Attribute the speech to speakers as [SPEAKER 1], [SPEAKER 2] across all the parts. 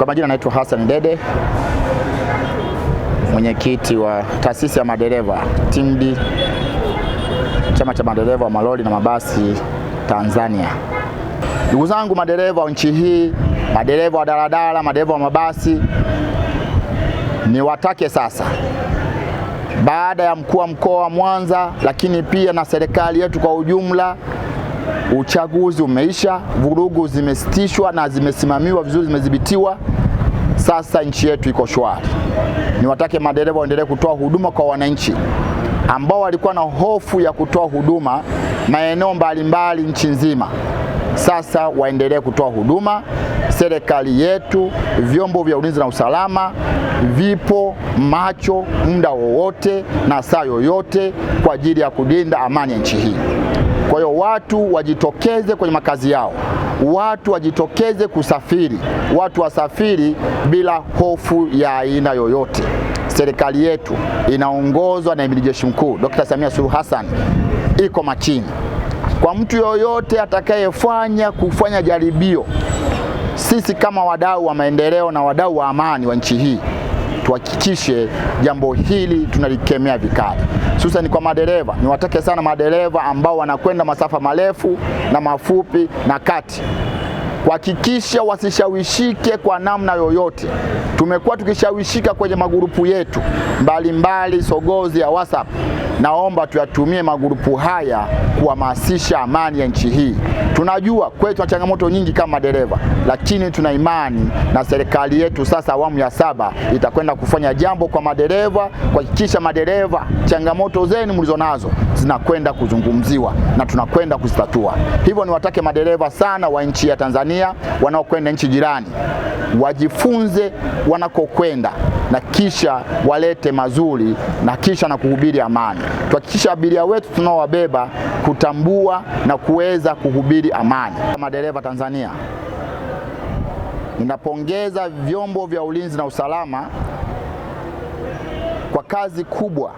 [SPEAKER 1] Kwa majina naitwa Hassan Dede, mwenyekiti wa taasisi ya madereva TIMDI, chama cha madereva wa malori na mabasi Tanzania. Ndugu zangu madereva wa nchi hii, madereva wa daladala, madereva wa mabasi, niwatake sasa baada ya mkuu wa mkoa wa Mwanza, lakini pia na serikali yetu kwa ujumla Uchaguzi umeisha, vurugu zimesitishwa na zimesimamiwa vizuri, zimedhibitiwa. Sasa nchi yetu iko shwari. Niwatake madereva waendelee kutoa huduma kwa wananchi ambao walikuwa na hofu ya kutoa huduma maeneo mbalimbali nchi nzima. Sasa waendelee kutoa huduma. Serikali yetu, vyombo vya ulinzi na usalama vipo macho muda wowote na saa yoyote kwa ajili ya kulinda amani ya nchi hii. Kwa hiyo watu wajitokeze kwenye makazi yao, watu wajitokeze kusafiri, watu wasafiri bila hofu ya aina yoyote. Serikali yetu inaongozwa na Amiri Jeshi Mkuu Dr. Samia Suluhu Hassan iko makini kwa mtu yoyote atakayefanya kufanya jaribio. Sisi kama wadau wa maendeleo na wadau wa amani wa nchi hii tuhakikishe jambo hili tunalikemea vikali, hususan kwa madereva. Niwatake sana madereva ambao wanakwenda masafa marefu na mafupi na kati kuhakikisha wasishawishike kwa namna yoyote. Tumekuwa tukishawishika kwenye magurupu yetu mbalimbali mbali, sogozi ya WhatsApp naomba tuyatumie magurupu haya kuhamasisha amani ya nchi hii. Tunajua kwetu tuna changamoto nyingi kama madereva, lakini tuna imani na serikali yetu sasa awamu ya saba itakwenda kufanya jambo kwa madereva, kuhakikisha madereva, changamoto zenu mlizonazo zinakwenda kuzungumziwa na tunakwenda kuzitatua. Hivyo niwatake madereva sana wa nchi ya Tanzania wanaokwenda nchi jirani wajifunze wanakokwenda na kisha walete mazuri na kisha na kuhubiri amani. Tuhakikisha abiria wetu tunaowabeba kutambua na kuweza kuhubiri amani. Madereva Tanzania, ninapongeza vyombo vya ulinzi na usalama kwa kazi kubwa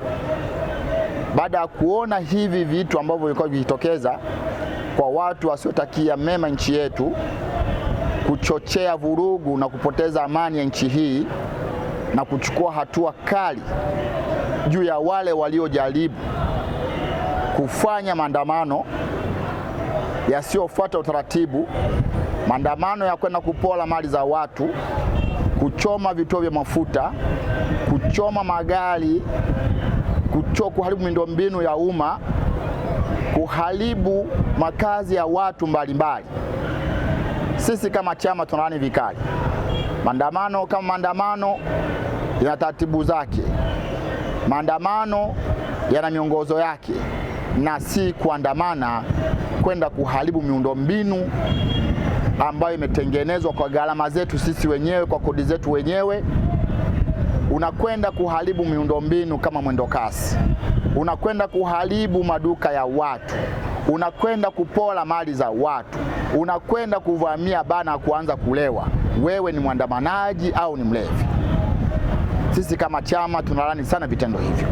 [SPEAKER 1] baada ya kuona hivi vitu ambavyo vilikuwa vikitokeza kwa watu wasiotakia mema nchi yetu, kuchochea vurugu na kupoteza amani ya nchi hii na kuchukua hatua kali juu ya wale waliojaribu kufanya maandamano yasiyofuata utaratibu, maandamano ya kwenda kupola mali za watu, kuchoma vituo vya mafuta, kuchoma magari, kucho, kuharibu miundombinu ya umma, kuharibu makazi ya watu mbalimbali mbali. Sisi kama chama tunalaani vikali. Maandamano kama maandamano yana taratibu zake, maandamano yana miongozo yake, na si kuandamana kwenda kuharibu miundombinu ambayo imetengenezwa kwa gharama zetu sisi wenyewe, kwa kodi zetu wenyewe. Unakwenda kuharibu miundombinu kama mwendokasi, unakwenda kuharibu maduka ya watu, unakwenda kupola mali za watu, unakwenda kuvamia bana kuanza kulewa wewe ni mwandamanaji au ni mlevi. Sisi kama chama tunalani sana vitendo hivyo.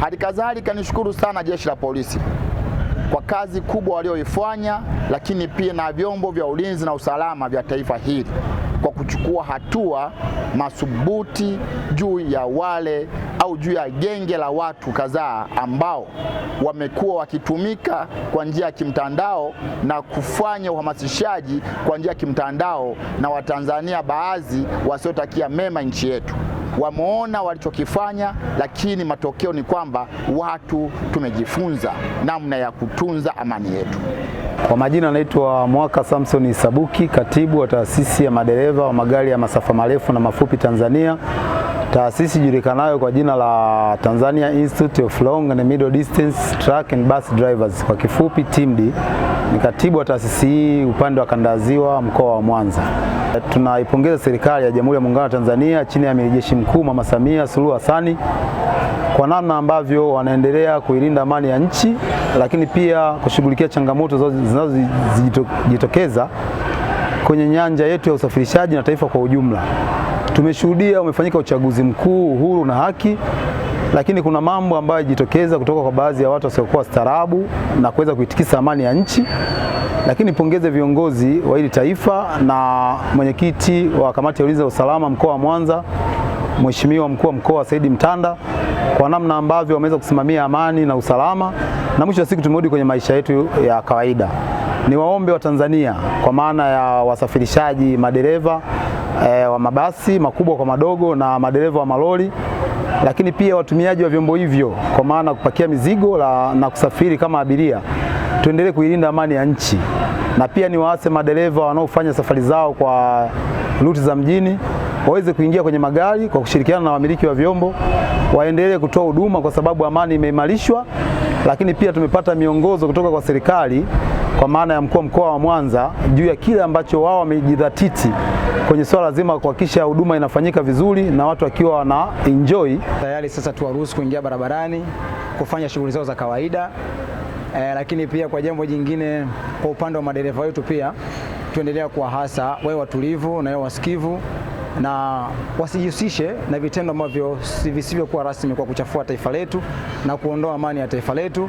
[SPEAKER 1] Hali kadhalika nishukuru sana jeshi la polisi kwa kazi kubwa walioifanya, lakini pia na vyombo vya ulinzi na usalama vya taifa hili kwa kuchukua hatua mathubuti juu ya wale au juu ya genge la watu kadhaa ambao wamekuwa wakitumika kwa njia ya kimtandao na kufanya uhamasishaji kwa njia ya kimtandao na Watanzania baadhi wasiotakia mema nchi yetu wameona walichokifanya, lakini matokeo ni kwamba watu tumejifunza namna ya kutunza amani yetu.
[SPEAKER 2] Kwa majina anaitwa Mwaka Samson Sabuki, katibu wa taasisi ya madereva wa magari ya masafa marefu na mafupi Tanzania taasisi julikanayo kwa jina la Tanzania Institute of Long and Middle Distance Truck and Bus Drivers, kwa kifupi TIMD. Ni katibu wa taasisi hii upande wa kandaziwa mkoa wa Mwanza. Tunaipongeza serikali ya Jamhuri ya Muungano wa Tanzania chini ya Amiri Jeshi Mkuu Mama Samia Suluhu Hassani kwa namna ambavyo wanaendelea kuilinda amani ya nchi, lakini pia kushughulikia changamoto zinazojitokeza kwenye nyanja yetu ya usafirishaji na taifa kwa ujumla. Tumeshuhudia umefanyika uchaguzi mkuu uhuru na haki, lakini kuna mambo ambayo yajitokeza kutoka kwa baadhi ya watu wasiokuwa staarabu na kuweza kuitikisa amani ya nchi. Lakini pongeze viongozi wa hili taifa na mwenyekiti wa kamati ya ulinzi na usalama mkoa wa Mwanza, Mheshimiwa mkuu wa mkoa Saidi Mtanda kwa namna ambavyo wameweza kusimamia amani na usalama, na mwisho wa siku tumerudi kwenye maisha yetu ya kawaida. Ni waombe wa Tanzania kwa maana ya wasafirishaji, madereva e, wa mabasi makubwa kwa madogo na madereva wa malori, lakini pia watumiaji wa vyombo hivyo kwa maana kupakia mizigo la, na kusafiri kama abiria, tuendelee kuilinda amani ya nchi, na pia ni waase madereva wanaofanya safari zao kwa ruti za mjini waweze kuingia kwenye magari kwa kushirikiana na wamiliki wa vyombo, waendelee kutoa huduma kwa sababu amani imeimarishwa. Lakini pia tumepata miongozo kutoka kwa serikali kwa maana ya mkuu wa mkoa wa Mwanza juu ya kile ambacho wao wamejidhatiti kwenye swala zima kuhakikisha huduma inafanyika vizuri na watu wakiwa wana enjoy.
[SPEAKER 3] Tayari sasa tuwaruhusu kuingia barabarani kufanya shughuli zao za kawaida. Eh, lakini pia kwa jambo jingine, kwa upande wa madereva wetu pia tuendelea kuwa hasa wawe watulivu na wawe wasikivu na wasijihusishe na vitendo ambavyo visivyokuwa rasmi kwa kuchafua taifa letu na kuondoa amani ya taifa letu.